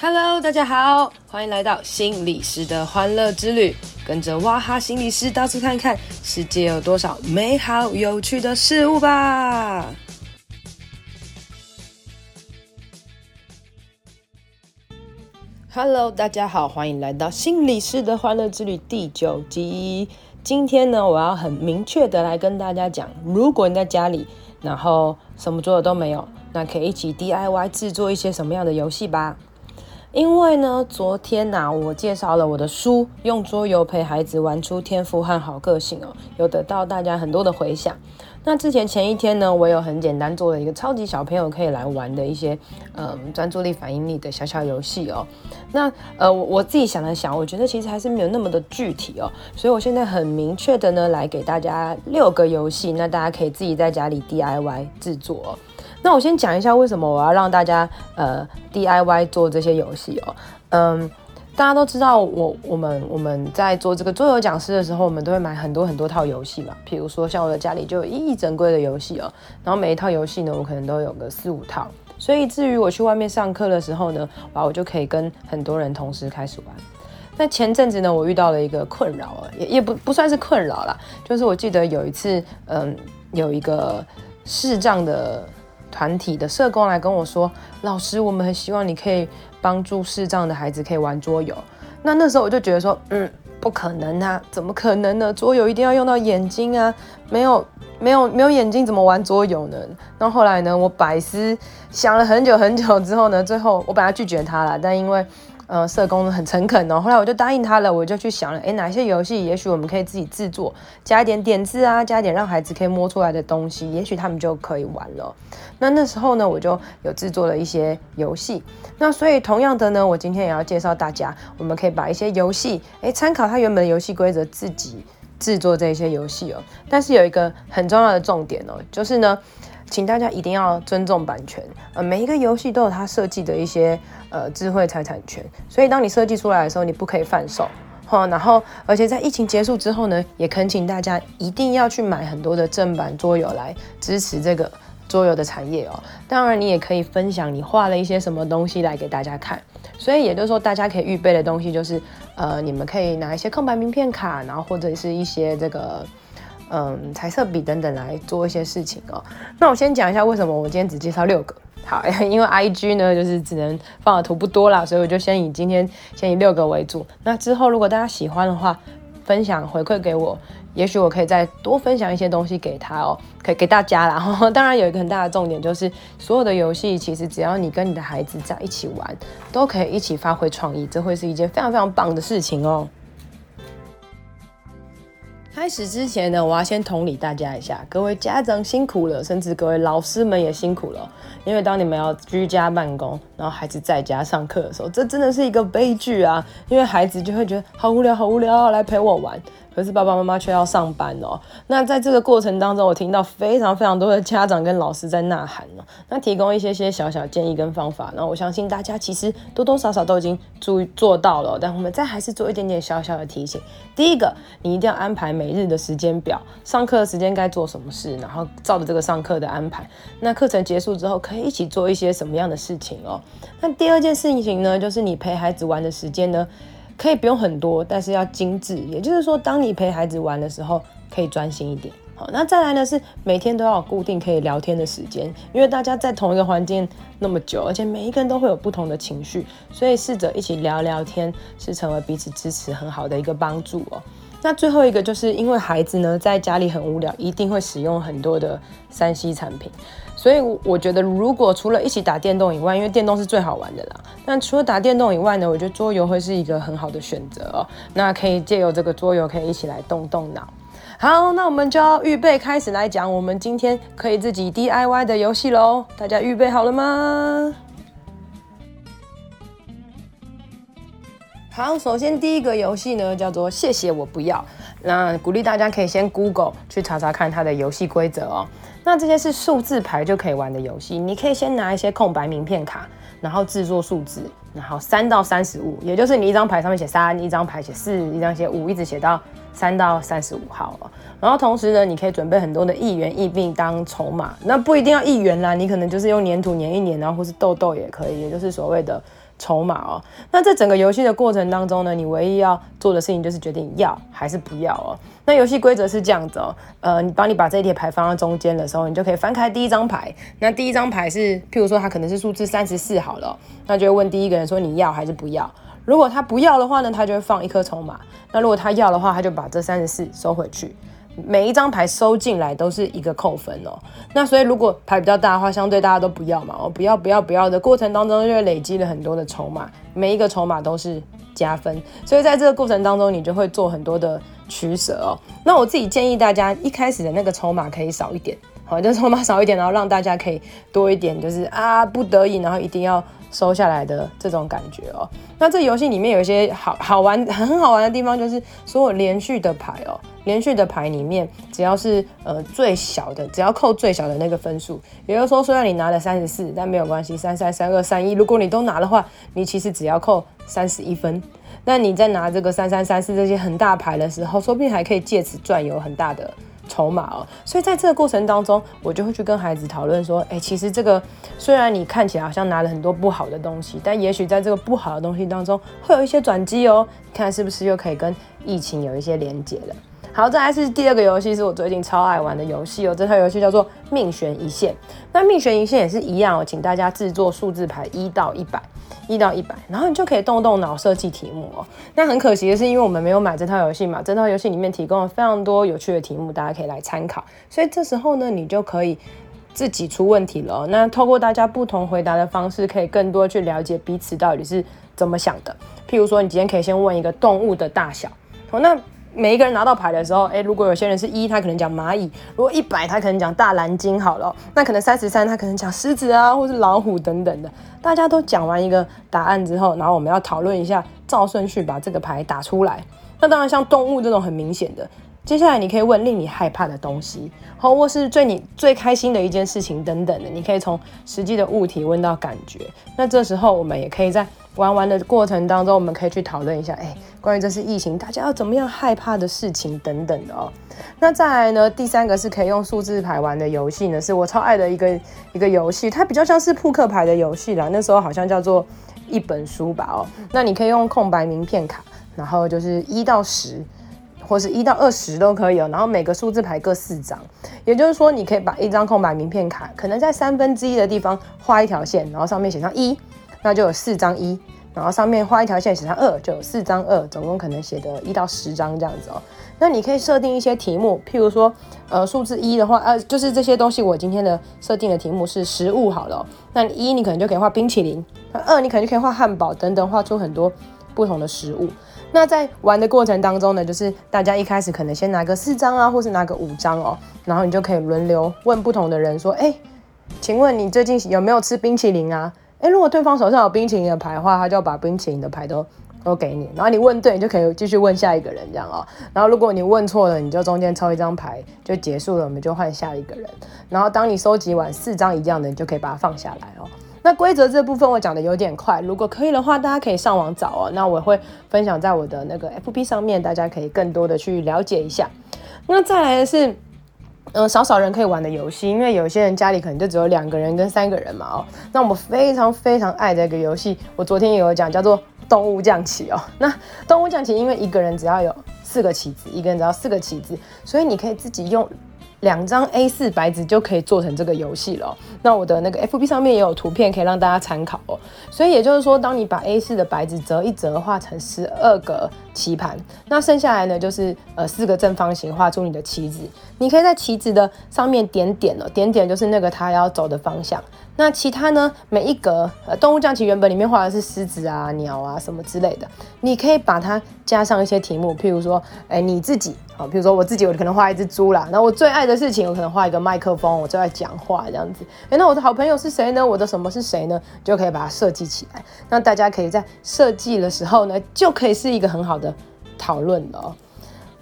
Hello，大家好，歡迎來到心理師的歡樂之旅。跟着哇哈心理師到處看看，世界有多少美好有趣的事物吧！Hello，大家好，歡迎來到心理師的歡樂之旅第九集。今天呢，我要很明確的來跟大家講，如果你在家裡，然後什麼做的都沒有，那可以一起 DIY 制作一些什麼樣的遊戲吧？因為呢，昨天吶，啊，我介紹了我的書《用桌遊陪孩子玩出天賦和好個性》哦，有得到大家很多的回響。那之前前一天呢，我有很簡單做了一個超級小朋友可以來玩的一些，嗯，專注力、反應力的小小遊戲哦。那呃，我我自己想了想，我覺得其實還是沒有那麼的具體哦，所以我現在很明確的呢，來給大家六個遊戲，那大家可以自己在家裡 DIY 制作，哦。那我先講一下為什麼我要讓大家呃 DIY 做這些遊戲哦，嗯，大家都知道我我們我們在做這個桌遊講師的時候，我們都會買很多很多套遊戲嘛，比如說像我的家裡就有一整櫃的遊戲哦，然後每一套遊戲呢，我可能都有個四五套，所以至於我去外面上課的時候呢，哇，我就可以跟很多人同時開始玩。那前陣子呢，我遇到了一個困擾啊，也也不不算是困擾啦，就是我記得有一次，嗯，有一個視障的。團體的社工來跟我說：“老師，我們很希望你可以幫助視障的孩子可以玩桌遊。”那那時候我就覺得說：“嗯，不可能啊，怎麼可能呢、啊？桌遊一定要用到眼睛啊，沒有沒有沒有眼睛怎麼玩桌遊呢？”那後後來呢，我百思想了很久很久之後呢，最後我本來拒絕他了，但因為。呃，社工很誠懇哦，後來我就答應他了，我就去想了，誒，哪些遊戲也許我們可以自己制作，加一點點字啊，加一點讓孩子可以摸出來的東西，也許他們就可以玩了。那那時候呢，我就有制作了一些遊戲。那所以同樣的呢，我今天也要介紹大家，我們可以把一些遊戲，誒，參考他原本的遊戲規則自己制作這些遊戲哦。但是有一個很重要的重點哦，就是呢。請大家一定要尊重版權，呃，每一個遊戲都有它設計的一些呃、智慧財產權，所以當你設計出來的時候，你不可以販售。哈。然後，而且在疫情結束之後呢，也懇請大家一定要去買很多的正版桌遊來支持這個桌遊的產業哦、喔。當然，你也可以分享你畫了一些什麼東西來給大家看。所以也就是說，大家可以預備的東西就是，呃，你們可以拿一些空白名片卡，然後或者是一些這個。嗯，彩色筆等等來做一些事情哦。那我先講一下為什麼我今天只介紹六個。好，因為 IG 呢就是只能放的圖不多啦，所以我就先以今天先以六個為主。那之後如果大家喜歡的話，分享回饋給我，也許我可以再多分享一些東西給他哦，可以給大家啦。呵呵，當然有一個很大的重點就是，所有的遊戲其實只要你跟你的孩子在一起玩，都可以一起發揮創意，這會是一件非常非常棒的事情哦。開始之前呢，我要先同理大家一下，各位家長辛苦了，甚至各位老師們也辛苦了，因為當你們要居家辦公，然後孩子在家上課的時候，這真的是一個悲劇啊！因為孩子就會覺得好無聊，好無聊，來陪我玩。可是爸爸媽媽卻要上班哦。那在這個過程當中，我聽到非常非常多的家長跟老師在吶喊哦。那提供一些些小小建議跟方法。那我相信大家其實多多少少都已經注意做，做到了，但我們再還是做一點點小小的提醒。第一個，你一定要安排每日的時間表，上課的時間該做什麼事，然後照着這個上課的安排。那課程結束之後，可以一起做一些什麼樣的事情哦？那第二件事情呢，就是你陪孩子玩的時間呢？可以不用很多，但是要精致。也就是說，當你陪孩子玩的時候，可以專心一點。好，那再來呢？是每天都要有固定可以聊天的時間，因為大家在同一個環境那麼久，而且每一個人都會有不同的情緒，所以試着一起聊聊天，是成為彼此支持很好的一個幫助喔。那最後一個，就是因為孩子呢在家裡很無聊，一定會使用很多的三 C 產品。所以我覺得，如果除了一起打電動以外，因為電動是最好玩的啦。但除了打電動以外呢，我覺得桌遊會是一個很好的選擇哦。那可以借由這個桌遊，可以一起來動動腦。好，那我們就要預備開始來講我們今天可以自己 DIY 的遊戲嘍。大家預備好了嗎？好，首先第一個遊戲呢叫做“謝謝我不要”。那鼓勵大家可以先 Google 去查查看它的遊戲規則哦。那這些是數字牌就可以玩的遊戲，你可以先拿一些空白名片卡，然後製作數字，然後三到三十五，也就是你一張牌上面寫三，一張牌寫四，一張寫五，一直寫到三到三十五號。然後同時呢，你可以準備很多的壹元硬幣當籌碼，那不一定要壹元啦，你可能就是用粘土粘一粘，然後或是豆豆也可以，也就是所謂的。籌碼哦，那這整個遊戲的過程當中呢，你唯一要做的事情就是決定要還是不要哦、喔。那遊戲規則是這樣子哦、喔，呃，你把你把這一疊牌放在中間的時候，你就可以翻開第一張牌。那第一張牌是，譬如說它可能是數字三十四好了、喔，那就會問第一個人說，你要還是不要。如果他不要的話呢，他就會放一顆籌碼；那如果他要的話，他就把這三十四收回去。每一張牌收進來都是一個扣分哦，那所以如果牌比較大的話，相對大家都不要嘛，哦，不要不要不要的過程當中，就會累積了很多的籌碼，每一個籌碼都是加分，所以在這個過程當中，你就會做很多的取捨哦。那我自己建議大家一開始的那個籌碼可以少一點。好像說嘛，少一點，然後讓大家可以多一點，就是啊不得已，然後一定要收下來的這種感覺哦、喔。那這遊戲裡面有一些好好玩、很好玩的地方，就是所有連續的牌哦、喔，連續的牌裡面只要是呃最小的，只要扣最小的那個分數。也就是說，雖然你拿了三十四，但沒有關係，三三三二三一，如果你都拿的話，你其實只要扣三十一分。那你在拿這個三三三四這些很大牌的時候，說不定還可以借此賺有很大的。籌碼哦，所以在這個過程當中，我就會去跟孩子討論說，哎、欸，其實這個雖然你看起來好像拿了很多不好的東西，但也許在這個不好的東西當中，會有一些轉機哦，看是不是又可以跟疫情有一些連結了。好，再來是第二個遊戲，是我最近超愛玩的遊戲哦。這套遊戲叫做《命懸一線》。那《命懸一線》也是一樣哦，請大家製作數字牌一到一百，一到一百，然後你就可以動動腦設計題目哦。那很可惜的是，因為我們沒有買這套遊戲嘛，這套遊戲裡面提供了非常多有趣的題目，大家可以來參考。所以這時候呢，你就可以自己出問題了喔。那透過大家不同回答的方式，可以更多去了解彼此到底是怎麼想的。譬如說，你今天可以先問一個動物的大小，好，那每一個人拿到牌的時候，欸，如果有些人是一，他可能講螞蟻；如果一百，他可能講大藍鯨。好了喔，那可能三十三，他可能講獅子啊，或是老虎等等的。大家都講完一個答案之後，然後我們要討論一下，照順序把這個牌打出來。那當然，像動物這種很明顯的。接下來你可以問令你害怕的東西，或是最你最開心的一件事情等等的，你可以從實際的物體問到感覺。那這時候我們也可以在玩玩的過程當中，我們可以去討論一下，哎，關於這次疫情大家要怎麼樣害怕的事情等等的哦。那再來呢，第三個是可以用數字牌玩的遊戲呢，是我超愛的一個一個遊戲，它比較像是撲克牌的遊戲啦。那時候好像叫做一本書吧哦。那你可以用空白名片卡，然後就是一到十。或是一到二十都可以哦，然後每個數字牌各四張，也就是說，你可以把一張空白名片卡，可能在三分之一的地方畫一條線，然後上面寫上一，那就有四張一，然後上面畫一條線寫上二，就有四張二，總共可能寫的一到十張這樣子哦。那你可以設定一些題目，譬如說，呃，數字一的話，呃，就是這些東西，我今天的設定的題目是食物好了喔，那一你可能就可以畫冰淇淋，那二你可能就可以畫漢堡等等，畫出很多不同的食物。那在玩的過程當中呢，就是大家一開始可能先拿個四張啊，或是拿個五張喔，然後你就可以輪流問不同的人說：“欸，請問你最近有沒有吃冰淇淋啊？”欸，如果對方手上有冰淇淋的牌的話，他就要把冰淇淋的牌都都給你，然後你問對，你就可以繼續問下一個人這樣喔。然後如果你問錯了，你就中間抽一張牌就結束了，我們就換下一個人。然後當你收集完四張一樣的，你就可以把它放下來喔。那規則這部分我講得有點快，如果可以的話，大家可以上網找哦、喔。那我會分享在我的那個 FB 上面，大家可以更多的去了解一下。那再來的是，嗯、呃，少少人可以玩的遊戲，因為有些人家裡可能就只有兩個人跟三個人嘛哦、喔。那我們非常非常愛的一個遊戲，我昨天也有講，叫做動物將棋哦。那動物將棋因為一個人只要有四個棋子，一個人只要四個棋子，所以你可以自己用。兩張 A4 白紙就可以做成這個遊戲了、喔。那我的那個 FB 上面，也有圖片可以讓大家參考哦、喔。所以也就是說，當你把 A4 的白紙折一折，畫成十二個棋盤，那剩下來呢就是呃四個正方形畫出你的棋子。你可以在棋子的上面點點哦、喔，點點就是那個他要走的方向。那其他呢？每一格，呃，動物將棋原本裡面畫的是獅子啊、鳥啊什麼之類的，你可以把它加上一些題目，譬如說，誒、欸，你自己，啊，譬如說我自己，我可能畫一只豬啦，那我最愛的事情，我可能畫一個麥克風，我最愛講話這樣子，誒、欸，那我的好朋友是誰呢？我的什麼是誰呢？就可以把它設計起來。那大家可以在設計的時候呢，就可以是一個很好的討論了。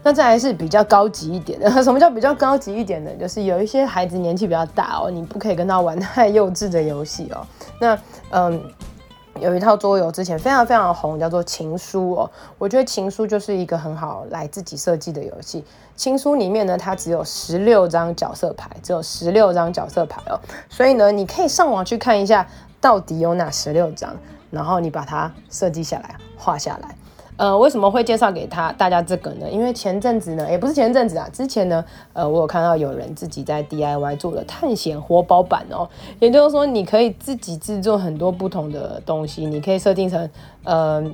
那這還是比較高級一點的。什麼叫比較高級一點的？就是有一些孩子年紀比較大哦，你不可以跟他玩太幼稚的遊戲哦。那嗯，有一套桌遊之前非常非常紅，叫做《情書》哦。我覺得《情書》就是一個很好來自己設計的遊戲。《情書》裡面呢，它只有十六張角色牌，只有十六張角色牌哦。所以呢，你可以上網去看一下到底有哪十六張，然後你把它設計下來，畫下來。呃，為什麼會介紹給他大家這個呢？因為前陣子呢，也、欸、不是前陣子啊，之前呢，呃，我有看到有人自己在 DIY 做了探險活寶版哦。也就是說，你可以自己製作很多不同的東西，你可以設定成，呃，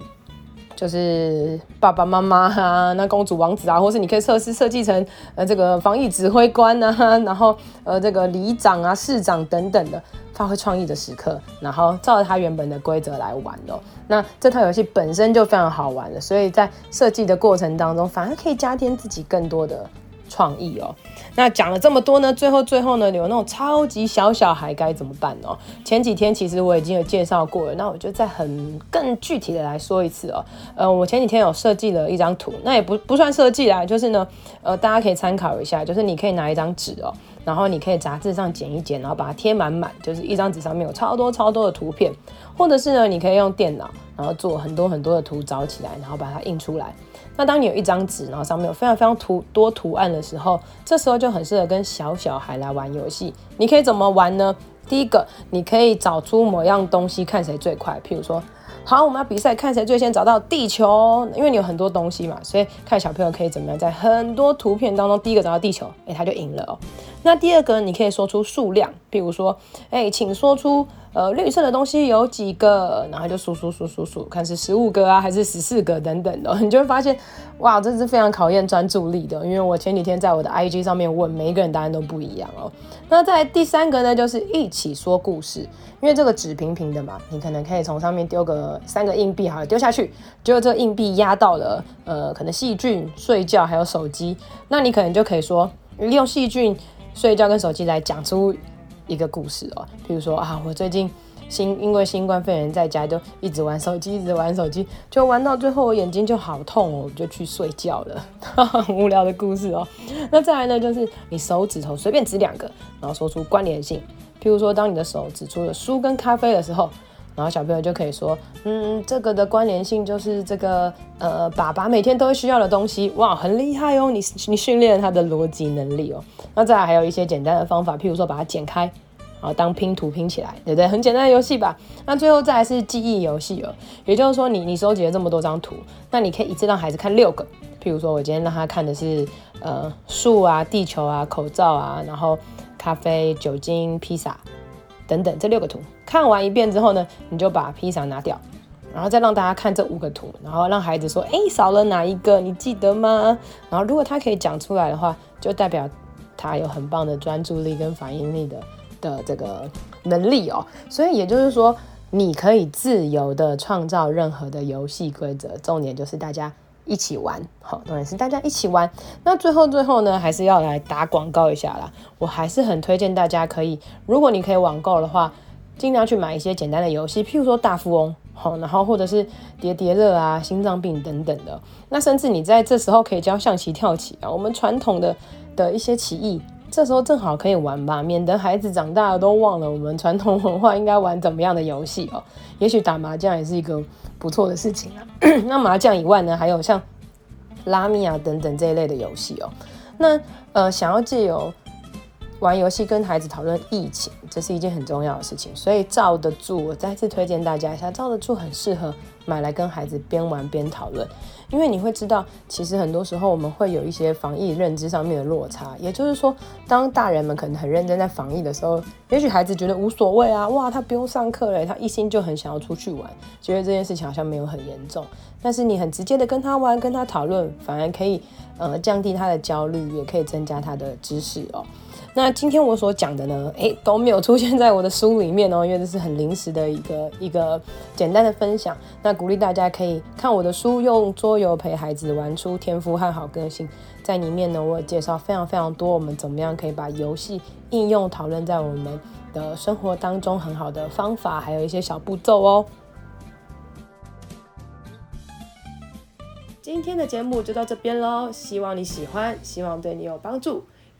就是爸爸媽媽哈，那公主王子啊，或是你可以設施設計成呃這個防疫指揮官啊，然後呃這個里長啊、市長等等的。發揮創意的時刻，然後照着它原本的規則來玩哦。那這套遊戲本身就非常好玩的，所以在設計的過程當中，反而可以加添自己更多的。創意哦，那講了這麼多呢，最後最後呢，有那種超級小小孩該怎麼辦呢？前幾天其實我已經有介紹過了，那我就再很更具體的來說一次哦。呃，我前幾天有設計了一張圖，那也不不算設計啦，就是呢，呃，大家可以參考一下，就是你可以拿一張紙哦，然後你可以雜誌上剪一剪，然後把它貼滿滿，就是一張紙上面有超多超多的圖片，或者是呢，你可以用電腦，然後做很多很多的圖找起來，然後把它印出來。那當你有一張紙，然後上面有非常非常圖多圖案的時候，這時候就很適合跟小小孩來玩遊戲。你可以怎麼玩呢？第一個，你可以找出某樣東西，看誰最快。譬如說，好，我們要比賽看誰最先找到地球，因為你有很多東西嘛，所以看小朋友可以怎麼樣在很多圖片當中第一個找到地球，欸，他就贏了哦。那第二個，你可以說出數量，比如說，欸，請說出呃綠色的東西有幾個，然後就數數數數數，看是十五個啊，還是十四個等等的，你就會發現，哇，這是非常考驗專注力的。因為我前幾天在我的 IG 上面問，每一個人答案都不一樣喔。那在第三個呢，就是一起說故事，因為這個紙平平的嘛，你可能可以從上面丟個三個硬幣，好了，丟下去，結果這個硬幣壓到了呃，可能細菌睡覺，還有手機，那你可能就可以說，利用細菌。睡覺跟手機來講出一個故事哦，譬如說啊，我最近新因為新冠肺炎在家就一直玩手機，一直玩手機，就玩到最後我眼睛就好痛哦，我就去睡覺了，很 無聊的故事哦。那再來呢，就是你手指頭隨便指兩個，然後說出關聯性，譬如說，當你的手指出了書跟咖啡的時候。然後小朋友就可以說，嗯，這個的關聯性就是這個，呃，爸爸每天都需要的東西，哇，很厲害哦，你你訓練他的邏輯能力哦。那再來還有一些簡單的方法，譬如說把它剪開，然後當拼圖拼起來，對不對？很簡單的遊戲吧。那最後再來是記憶遊戲哦。也就是說你你收集了這麼多張圖，那你可以一次讓孩子看六個，譬如說我今天讓他看的是，呃，樹啊、地球啊、口罩啊，然後咖啡、酒精、披薩。等等，這六個圖看完一遍之後呢，你就把披薩拿掉，然後再讓大家看這五個圖，然後讓孩子說：“誒，少了哪一個？你記得嗎？”然後如果他可以講出來的話，就代表他有很棒的專注力跟反應力的的這個能力哦。所以也就是說，你可以自由的創造任何的遊戲規則，重點就是大家。一起玩，好，當然是大家一起玩。那最後最後呢，還是要來打廣告一下啦。我還是很推薦大家可以，如果你可以網購的話，盡量去買一些簡單的遊戲，譬如說大富翁，好，然後或者是疊疊樂啊、心臟病等等的。那甚至你在這時候可以教象棋、跳棋啊，我們傳統的的一些棋藝，這時候正好可以玩吧，免得孩子長大了都忘了我們傳統文化應該玩怎麼樣的遊戲哦。也許打麻將也是一個。不錯的事情啊！ 那麻將以外呢，還有像拉米啊等等這一類的遊戲哦。那呃，想要借由，玩遊戲跟孩子討論疫情，這是一件很重要的事情。所以《罩得住》，我再次推薦大家一下，《罩得住》很適合買來跟孩子邊玩邊討論，因為你會知道，其實很多時候我們會有一些防疫認知上面的落差。也就是說，當大人們可能很認真在防疫的時候，也許孩子覺得無所謂啊，哇，他不用上課了，他一心就很想要出去玩，覺得這件事情好像沒有很嚴重。但是你很直接的跟他玩，跟他討論，反而可以呃降低他的焦慮，也可以增加他的知識哦。那今天我所講的呢，誒，都沒有出現在我的書裡面哦，因為這是很臨時的一個一個簡單的分享。那鼓勵大家可以看我的書《用桌遊陪孩子玩出天賦和好個性》，在裡面呢，我有介紹非常非常多我們怎麼樣可以把遊戲應用討論在我們的生活當中很好的方法，還有一些小步驟哦。今天的節目就到這邊嘍，希望你喜歡，希望對你有幫助。